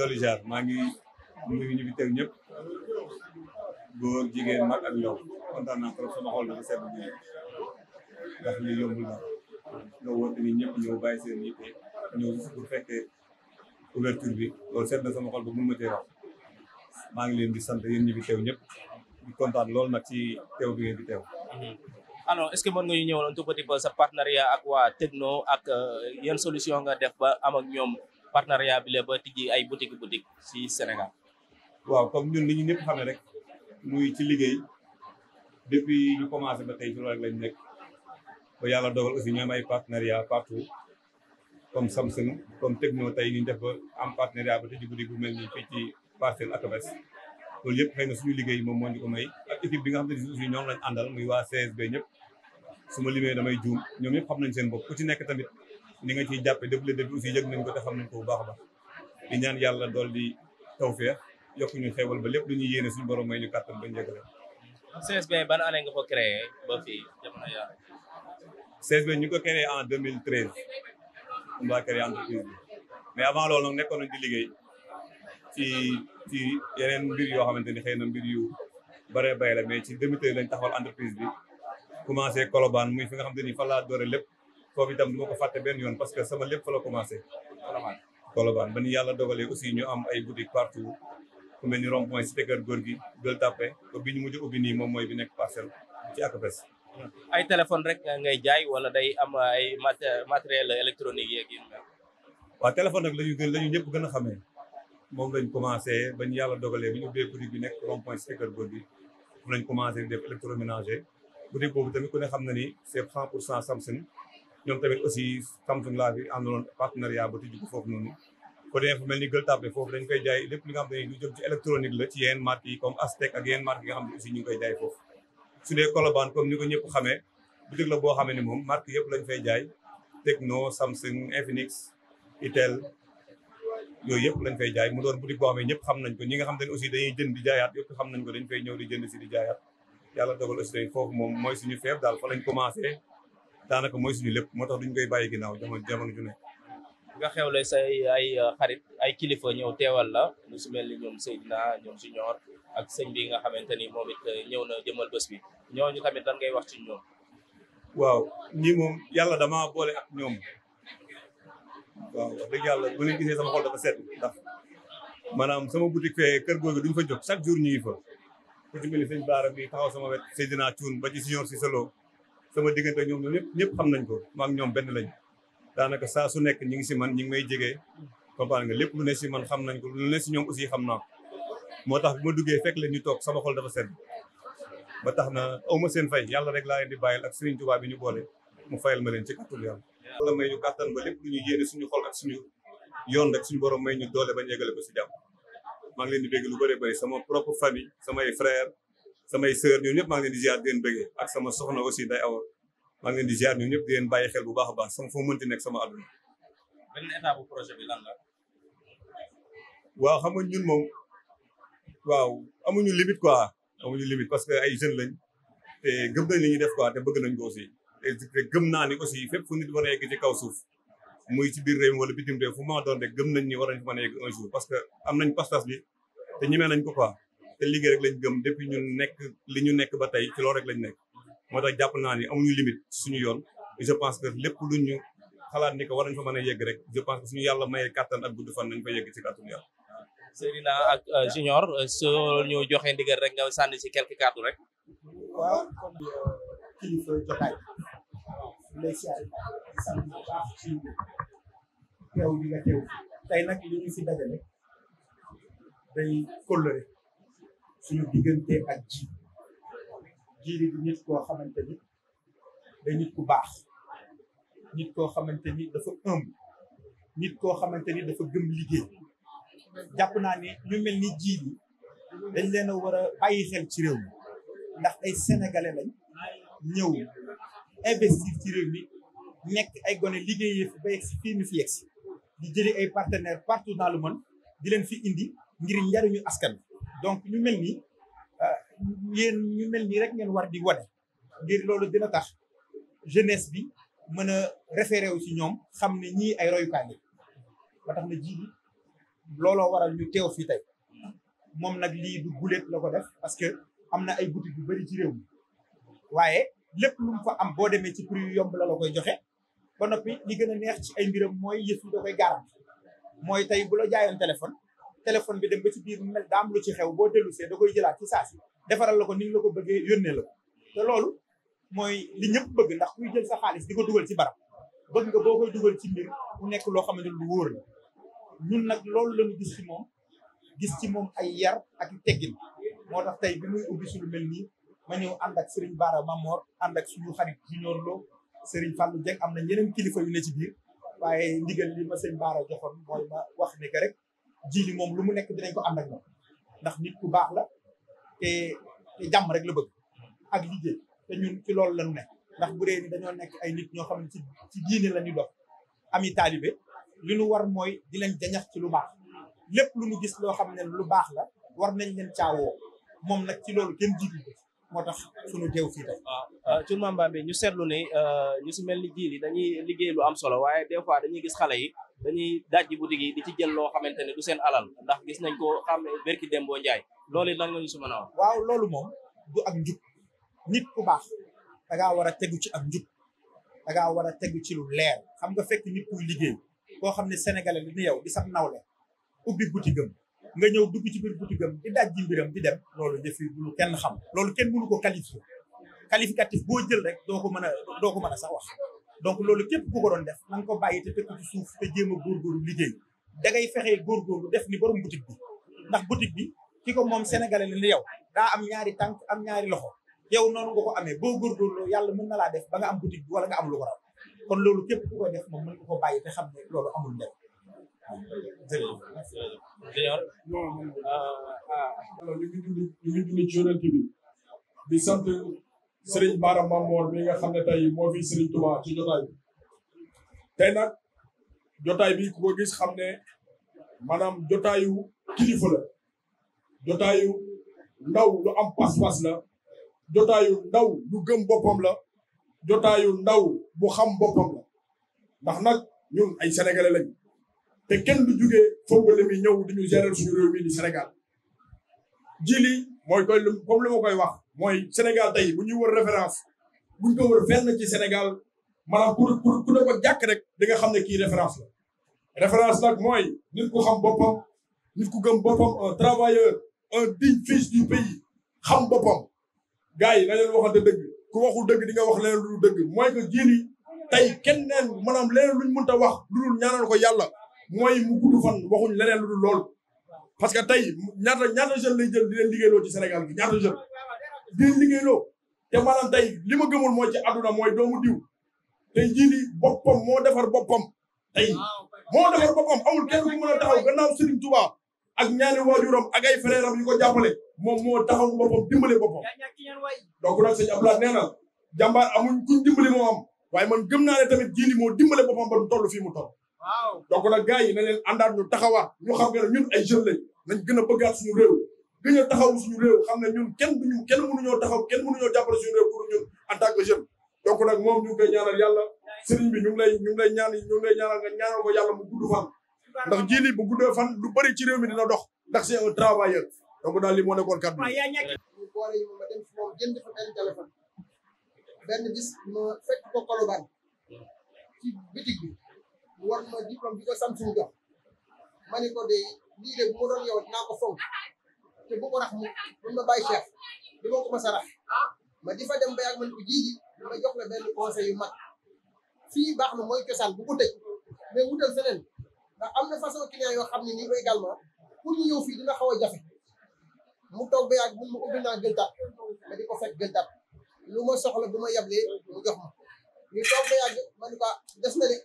dolli jaar maa ngi nuyu ñu fi teew ñëpp góor jigéen mag ak ndaw kontaan naa trop sama xool dafa sedd bi ndax li yombul na bu fekkee ouverture bi loolu sedd na sama xol ba ma tee wax maa ngi leen di sant yéen ñi fi teew ñëpp di kontaan loolu nag ci teew bi ngeen di teew mhm. alors est-ce que mën nga ñu ñëwoon un tout petit sa partenariat ak waa Tekno ak euh, yan solution nga def ba am ñoom partenariat bi la ba tijji ay boutique boutique si Sénégal. waaw comme ñun li ñu ñëpp xamee rek muy ci liggéey depuis ñu commencé ba tey ci loolu rek lañ nekk ba yàlla dogal aussi partout comme Samsung comme Tecno tey ñu def ba am partenariat ba tijji boutique bu mel nii fii ci Parcelles Assainies loolu yëpp xëy suñu liggéey moom moo ñu ko may équipe bi nga xam ne aussi ñoom lañ àndal muy waa CSB ñëpp su limee damay juum ñoom ñëpp xam nañ seen bopp ku ci nekk tamit. ni nga ciy jàppe déglu déglu aussi yëg nañ ko te xam nañ ko baax a baax di ñaan yàlla dool di tawfeex yokk ñu xewal ba lépp lu ñuy yéene suñu borom may ñu kàttan ba njëkk rek. CSB ban année nga ko créé ba fii ñu ko créé en 2013 on va créer entreprise mais avant loolu nag nekkoon nañ di liggéey ci ci yeneen mbir yoo xamante ni xëy na mbir yu bare bay la mais ci 2013 lañ taxawal entreprise bi commencé Colobane muy fi nga xam xamante ni fa laa doore lépp. foofu itam du ma ko fàtte benn yoon parce que sama lépp fa la ba ni yàlla dogalee aussi ñu am ay boutique partout ku mel ni rond point cité kër góor gi Gueule Tapée ba bi ñu moom mooy bi nekk parcelle ci akapes ay téléphone ngay jaay wala day am ay mat matériel électronique yeeg téléphone rek lañu gën la ñu ñëpp gën a xamee moom lañ commencé ba ñu yàlla dogalee bu ñu ubbee boutique bi nekk rond point cité kër góor gi moom lañ commencé di def électroménager boutique boobu tamit ku ne xam na ni c'est cent pour cent Samsung ñoom tamit aussi Samsung laa fi àndaloon partenariat ba tijji ko foofu noonu ko demee fu foofu dañ koy jaay lépp li nga xam ne lu jëm ci électronique la ci yenn marques yi comme Aztec ak yenn marques yi nga xam ne ñu ngi koy jaay foofu su dee Colobane ni ko ñëpp xamee boutique la boo xamee ni moom marque yëpp lañ fay jaay Tecno Samsung Infinix Itel yooyu yëpp lañ fay jaay mu doon boutique boo xamee ñëpp xam nañ ko ñi nga xam ne aussi dañuy jënd di jaayaat yëpp xam nañ ko dañ fay ñëw si di jaayaat yàlla dogal aussi foofu moom mooy suñu feeb daal fa lañ commencé daanaka mooy suñu lépp moo tax duñ koy bàyyi ginnaaw jamono jamono ju nekk nga xewle say ay euh, xarit ay kilifa ñëw teewal la lu si mel ni ñoom Seydina ñoom Junior ak sëñ bi nga xamante ni moom it euh, ñëw na jëmal bés bi ñooñu tamit wax ci ñoom waaw ñii moom yàlla dama boole ak ñoom waaw wax dëgg yàlla bu leen gisee sama xol dafa set ndax maanaam sama boutique fee kër googu duñ fa jóg chaque jour ñu ngi fa ku ci bi taxaw sama wet Seydina Thioune ba ci Junior Cissé Lo sama diggante ñoom ñoom ñëpp ñëpp xam nañ ko maa ngi ñoom benn lañ daanaka saa su nekk ñi ngi si man ñi ngi may jege comprendre nga lépp lu ne si man xam nañ ko lu ne si ñoom aussi xam naa moo tax ma duggee fekk leen ñu toog sama xol dafa sedd ba tax na awma seen fay yàlla rek laa leen di bàyyil ak Serigne Touba bi ñu boole mu fayal ma leen ci kàttul yàlla wala may ñu kàttan ba lépp lu ñu yéene suñu xol ak suñu yoon rek suñu borom may ñu doole ba ñu yeggale ko si jàmm maa ngi leen di bégg lu bëri sama propre famille samay frère samay sœur ñoom ñëpp maa ngi leen di ziar di leen bëggee ak sama soxna aussi day aw maa ngi leen di ziar ñoom ñëpp di leen xel bu baax a baax sama foo mënti nekk sama àdduna. beneen étape bu projet bi lan la. waaw xam nga ñun moom waaw amuñu limite quoi amuñu parce que ay jeunes lañ te gëm nañ li ñuy def quoi te bëgg nañ ko aussi te naa ni aussi fépp fu nit war a kaw suuf muy ci biir réew mi wala bitim réew fu ma doon rek gëm nañ ni war nañ fa mën a yegg un jour parce que am nañ pas-pas bi te ñemee nañ ko koi te liggéey rek lañ gëm depuis ñu nekk li ñu nekk ba tey ci rek lañ nekk moo tax jàpp naa ni amuñu limite suñu yoon je pense que lépp lu ñu xalaat ni ko war nañ fa mën a yegg rek je pense que suñu yàlla mayee kàttan ak gudd fan nañ fa yegg ci kàttan yàlla. Seydina ak euh, Junior euh, soo ñu joxee ndigal rek nga sànni ci quelques kàddu rek. waaw kon euh, kilifa suñu diggante ak ji jiiri di nit koo xamante ni day nit ku baax nit koo xamante ni dafa ëmb nit koo xamante ni dafa gëm liggéey jàpp naa ne ñu mel ni jiiri dañ leen a war a bàyyi xel ci réew mi ndax ay sénégalais lañ ñëw investir ci réew mi nekk ay gone liggéeyee fi ba yegg si fii ñu fi yegg si jëli ay partenaires partout dans le monde di leen fi indi ngir njariñu askan wi donc ñu mel nii euh, yéen ñu mel nii rek ngeen war di wane ngir loolu dina tax jeunesse bi mën a référé wu ci ñoom xam ne ñii ay royukaay la ba tax na ji looloo waral ñu teew fii tey moom nag lii bu guléet la ko def parce que am na ay boutique yu bëri ci réew mi waaye lépp lu fa am boo demee ci prix yu yomb la la koy joxe ba noppi li gën a neex ci ay mbiram mooy yëf yi da koy garan mooy tey bula la jaayoon téléphone téléphone bi dem ba ci biir mel daa am lu ci xew boo dellu see da koy jëlaat ci saa si defaral la ko ni la ko bëggee yónnee la ko te loolu mooy li ñëpp bëgg ndax kuy jël sa xaalis di ko dugal ci barab bëgg nga boo koy dugal ci mbir mu nekk loo xamante lu wóor la ñun nag loolu lañu gis ci moom gis ci moom ay yar ak teggin moo tax tey bi muy ubbi si lu mel nii ma ñëw ànd ak Serigne Bara Mamor ànd ak suñu xarit Junior Lo Serigne Fallou Dieng am na yeneen kilifa yu ne ci biir waaye ndigal li ma sëñ Bara joxoon mooy ma wax ne que rek jili moom lu mu nekk dinañ ko am ak moom ndax nit ku baax la te jàmm rek la bëgg ak liggéey te ñun ci loolu lañu ne ndax bu dee ni dañoo nekk ay nit ñoo xam ne ci ci diine la ñu dox ami taalibe li ñu war mooy di ci lu baax lépp lu ñu gis loo xam ne lu baax la war nañ leen caawoo moom nag ci loolu kenn jiitu ko moo tax suñu teew fii tey. waaw ah, ah, Thioune Bambey ñu seetlu ne ah, ñu si mel ni jiili dañuy liggéey lu am solo waaye des dañuy gis xale yi. dañuy dajji boutique yi di ci jël loo xamante ne du seen alal ndax gis nañ ko xam berki boo Njaay loolu it lan nga ñu suma mën waaw loolu moom du ak njub nit ku baax da ngaa war a tegu ci ak njub da ngaa war a tegu ci lu leer xam nga fekk nit kuy liggéey koo xam ne sénégalais li ni yow di sax nawle ubbi boutique am nga ñëw dugg ci biir boutique am di daj mbiram di dem loolu jëfi bu lu kenn xam loolu kenn mënu ko qualifier qualificatif boo jël rek doo ko mën a doo ko mën a sax wax donc loolu képp ku ko doon def na nga ko bàyyi te tëkk ci suuf te jéem a góorgóorlu liggéey da ngay fexee góorgóorlu def ni borom boutique bi ndax boutique bi ki ko moom sénégalais li yow daa am ñaari tànk am ñaari loxo yow noonu nga ko amee boo góorgóorlu yàlla mën na laa def ba nga am boutique bi wala nga am lu ko raw kon loolu képp ku ko def moom mën ko bàyyi te xam ne loolu amul ndem jërëjëf jërëjëf ah, ah. bi Serigne Bara Mamor mi nga xam ne tey moo fi Serigne Touba ci jotaay bi jotaay bi ku ko gis xam ne maanaam jotaayu kilifa la jotaayu ndaw lu am pas-pas jotaayu ndaw lu gëm boppam la jotaayu ndaw bu xam boppam ndax nag ñun ay sénégalais te kenn du jugee foogale mi ñëw di ñu gérer suñu réew mi di Sénégal ji koy comme koy wax. mooy Sénégal tey bu ñuy wër référence buñ ko wër fenn ci Sénégal maanaam pour pour ku ne rek di nga xam ne kii référence la référence nag mooy nit ku xam boppam nit ku gëm boppam un travailleur un digne fils du pays xam boppam gars yi na leen waxante dëgg ku waxul dëgg di nga wax leen lu dëgg mooy que jiili tey kenn neen maanaam leneen luñ mënta wax lu dul ñaanal ko yàlla mooy mu gudd fan waxuñ leneen lu dul lool parce que tey ñaata ñaata jeune lay jël di leen liggéeyloo ci Sénégal bi ñaata di liggéeyloo te maanaam tey li ma gëmul mooy ci àdduna mooy doomu diw tey jii nii moo defar boppam tey moo defar boppam amul kenn ku mën a taxaw gannaaw Serigne Touba ak ñaari waajuram ak ay frère am yu ko jàppale moom moo taxaw boppam dimbale boppam donc nag sëñ Abdoulaye nee na jàmbaar amuñ kuñ dimbali moo am waaye man gëm naa ne tamit jii moo dimbale boppam ba mu toll fii mu toll donc nag gars yi na àndaat ñu taxawaat ñu xam nga ne ñun ay jeunes lañ nañ gën a bëggaat suñu réew gën a taxaw suñu xam ne ñun kenn duñu kenn mënuñoo taxaw kenn mënuñoo jàppale suñu réew pour ñun en tant que jeune donc nag moom ñu ngi koy ñaanal yàlla bi ñu ngi lay ñu ngi lay ñaan ñu ngi lay ñaanal mu gudd fan ndax ji li bu guddee fan lu bëri ci réew mi dina dox ndax c'est un travailleur donc daal li moo nekkoon kàddu ñu boole yi ma dem fi moom jënd fa benn ko Colobane ci bitig bi mu war ma diplôme bi ko Samsung jox ma ni ko de lii de bu ma doon yow dinaa ko te bu ko rax mu mun ma bàyyi chef di ma ko mos a ma di fa dem ba yàgg man ko ji ma jox la benn conseil yu mag fii baax na mooy cosaan bu ko tëj mais wutal feneen ndax am na façon client yoo xam ne nii également pour ñu ñëw fii xaw a jafe mu toog ba yàgg mun ma ubbi naa gëltaat ma di ko fekk gëltaat lu ma soxla bu ma yablee mu jox ma ñu ba ko des na de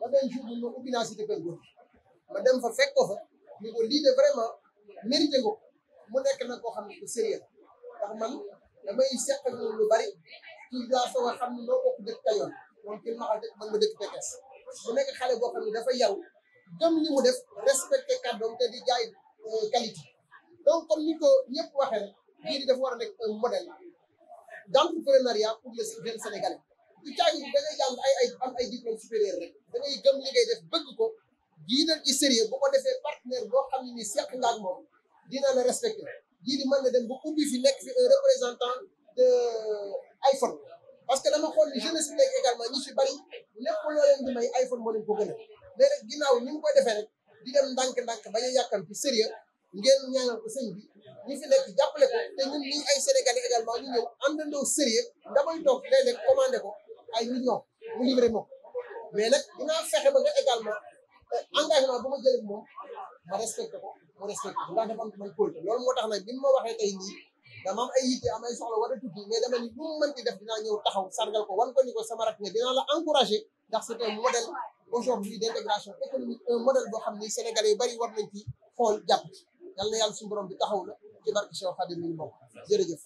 ba benn jour mun ma ubbi naa cité kër ma dem fa fekk ko fa ñu ko lii de vraiment mérité nga ko mu nekk nag koo xam ne bu sérieux ndax man damay seq ak moom lu bari ci jaasoo nga xam ne noo bokk dëkk Kajoor moom ci Maxal dëkk man ma dëkk Pekes mu nekk xale boo xam ne dafa yaru gëm li mu def respecté kàddoom te di jaay euh, qualité donc comme ni ko ñëpp waxee rek lii di dafa war a nekk un modèle d'entrepreneuriat pour les jeunes sénégalais du caagi da ngay jàng ay am ay diplôme supérieur rek da ngay gëm li def bëgg ko jiital ci sérieux boo ko defee partenaire boo xam ne ni seq nga ak moom dina la respecté lii di na dem ba ubbi fi nekk fi un représentant de iPhone parce que dama xool ni jeunesse bi nekk également ñi ci bari lépp loo di may iPhone moo leen ko gën a mais ni mu koy defee rek di dem ndànk-ndànk a yàkkam sérieux ngeen ñaanal ko sëñ bi ñi fi nekk jàppale ko te ñun ñii ay sénégalais également ñu ñëw àndandoo sérieux damay toog léeg-léeg commandé ko ay millions mu livré ma mais nag dinaa fexe ba nga également euh, engagement bu ma moom ma respecté ko mu respecté ko ndax dafa am man loolu moo tax nag bi ma waxee tey nii dama am ay yitte am ay war a tukki mais dama ni lu mu mën def dinaa ñëw taxaw sargal ko wan ko ni ko sama rak nga dinaa la encouragé ndax c'est un modèle aujourd'hui d'intégration économique un modèle boo xam ni sénégalais yu bari war nañ ci xool jàpp yal na yàlla suñu borom bi taxaw la ci barke Cheikh Khadim ñu bokk jërëjëf